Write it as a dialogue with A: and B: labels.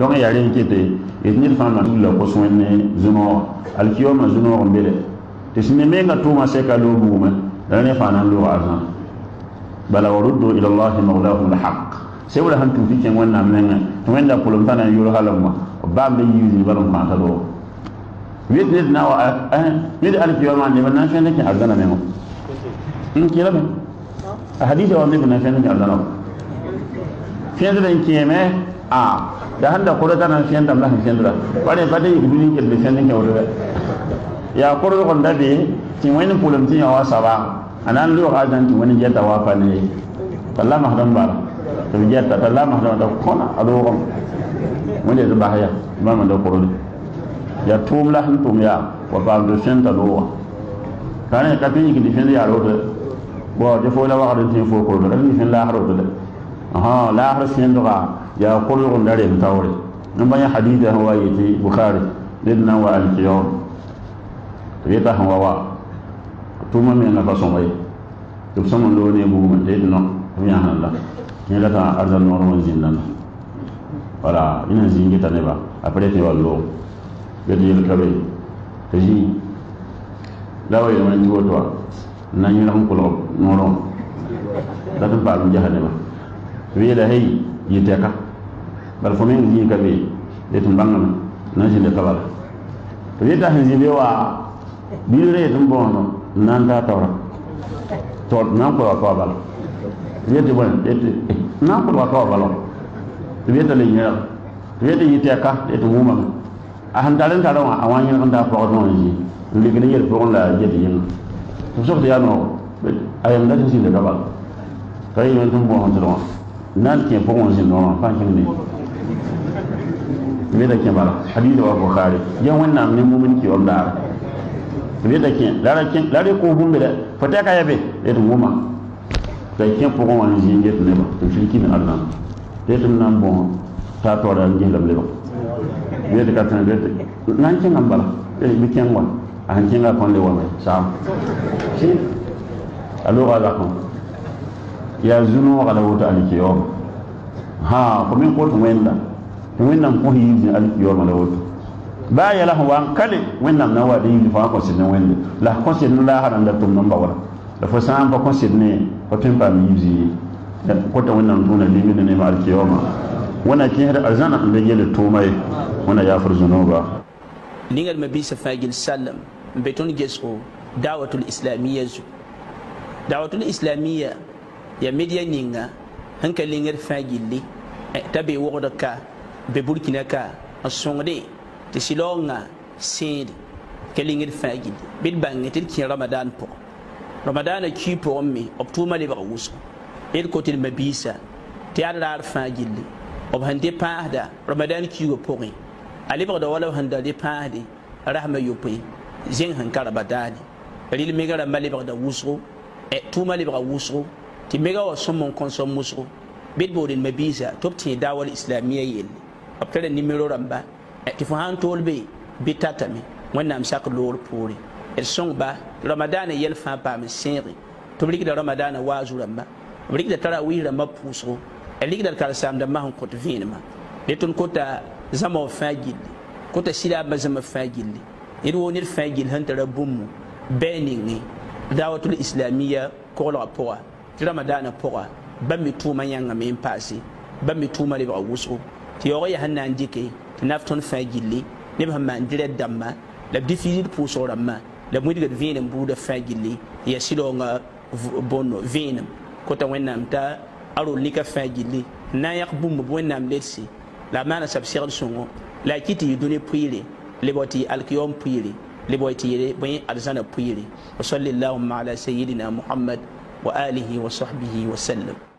A: donc ya re kete et ni fa ma la ko sonne zuno al kiyoma zuno on bele te sine me nga tuma se ka lo buma dan ne fa nan lo azan bala waruddu ila allah mawlahum al haqq se wala han tu fi ken wannan men to wanda kulum tana yoro halamma ba be yuzi balon ma ta lo wit nit na wa nit al kiyoma ne ban nan shi ne ke azana men in kira men hadisi wa ne ban nan shi ne ke azana fiyan da kiyeme a da handa koro kana fiyan da mlah fiyan dura bare bade yugudi ke be fiyan ke woro ya koro ko ndabe ti wani pulam ti yawa saba anan lo ga dan ti wani jeta wa fa ne talla mahdan bara to jeta talla mahdan da kona ado ko mun da bahaya imam da koro ya tum lah tum ya wa ba do fiyan ta do kana ka tin yugudi fiyan ya ro do wa je fo la wa ga tin fo ko do ni fiyan la ro do ها لا هرس يندغا يا قلق نري متوري نبا يا حديد هو يتي بخاري لدنا والقيام ريتا هو وا توما مي نبا سومي تو سوم لو ني بو من لدنا ويا الله ني لا ارض النور من جنن ولا ان زين جتا نبا ابريتي والو بيدي الكبي تجي لا وي من جوتوا نانيو نكو لو نورو داتم بالو جهنم weela hey yite ka bar fo min yi ka de tun banna na ji de kala we ta hin jibe wa bilre tun bono nan ta tawra to nan ko ko bala yete bon yete nan ko ko bala we ta le nyal we de yite ka de tun mumma a han dalen ta rawa awan yin kan da ko no yi ligin yel ko la yete yin to so ya no ayam da tin de kala kai yin tun bono tawra nan ke fo won no pa kin me da ke bala hadith wa bukhari yan wannan ne mu'min ki wallahi me da ke lara kin lare ko bumbe da fata ka yabe da to goma da ke fo won zin ne ba to shi kin Allah da to nan bon ta to da ngin da ba me da ka tan da nan kin an bala eh bi kin wa an kin ga kon le wa mai sa shi a lokacin ya zuno gala woto alkiyoma ha ko min ko to wenda to wenda ko hiizi alkiyoma la woto ba ya la wan kale wenda na wa de fa ko sin wenda la ko sin la haran da tum namba wala la fo san ba ko sin ne ko tin pa mi yuzi ko to wenda tuna limin ne ma alkiyoma wana kin har arzana be yele to mai wana ya fur zunuba
B: ningal mabisa fagil sallam beton gesko dawatul islamiyya dawatul islamiyya ya media ninga sẽn ka lengr fãa gilli eh, t'a be wogd ka be burkina ka n sõngde tɩ silaoongã sẽede ka lengr fãa gilli bɩ d tɩ d kẽ ramadan pʋgẽ ramadaanã kii pʋgẽ me b tʋʋma lebg wʋsg d kotɩ d mabiisa tɩ yaa d raar fãa gilli b sẽn dɩ pãasda ramadan wala b sẽn da dɩ pãasde rasmã yopoe zẽng sẽn ka rabadaane rɩl meg rãmbã lebgda wʋsgo eh, tʋʋma lebga wʋsgo tɩ mega wa sõm n kõn sõm wʋsgo bɩd boodin me biisa tɩ b tẽe daawa islamia yelle b tara nimero rãmba tɩ fo sãn tool be bɩ tatame wẽnnaam sak loor poore d sõngba ramadaana yɛl fãa paam sẽege tɩ b rɩkda ramadaana waazu rãmba b rɩkda tarawiis rãmbã pʋʋsgo d rɩkda d karsaamda mas n kõt vẽenemã le tõnd kota zãma b fãa gilli kota sɩdaabã zãma fãa gilli ned woo ned fãa gill sẽn tara bũmb bɛɛ ninge daawatul islamia koglga pʋga tɩ ramadaanã pʋga bãmb me tʋʋmã yãngã me n paase bãmb me tʋʋmã lebga wʋsgo tɩ yaoog yaa sẽn na n dɩke tɩ naf tõnd fãa gilli neb sẽn maan dɩrɛ rɛd dãmbã la b difisil pʋʋsg rãmbã la wẽdg d vẽenem buudã fãa gilli tɩ yaa sɩlaoongã vẽenem kota wẽnnaam t'a a rol nika fãa gilli n na n yãk bũmb b wẽnnaam ledse la a maana sab segd sõngo la a kɩ tɩ yɩ dũni pʋɩɩre lebg tɩ yɩ alkiyoom pʋɩɩre lebg tɩ yɩ bõe alzãna pʋɩɩre wa salli llahuma ala sayidina mohamad وآله وصحبه وسلم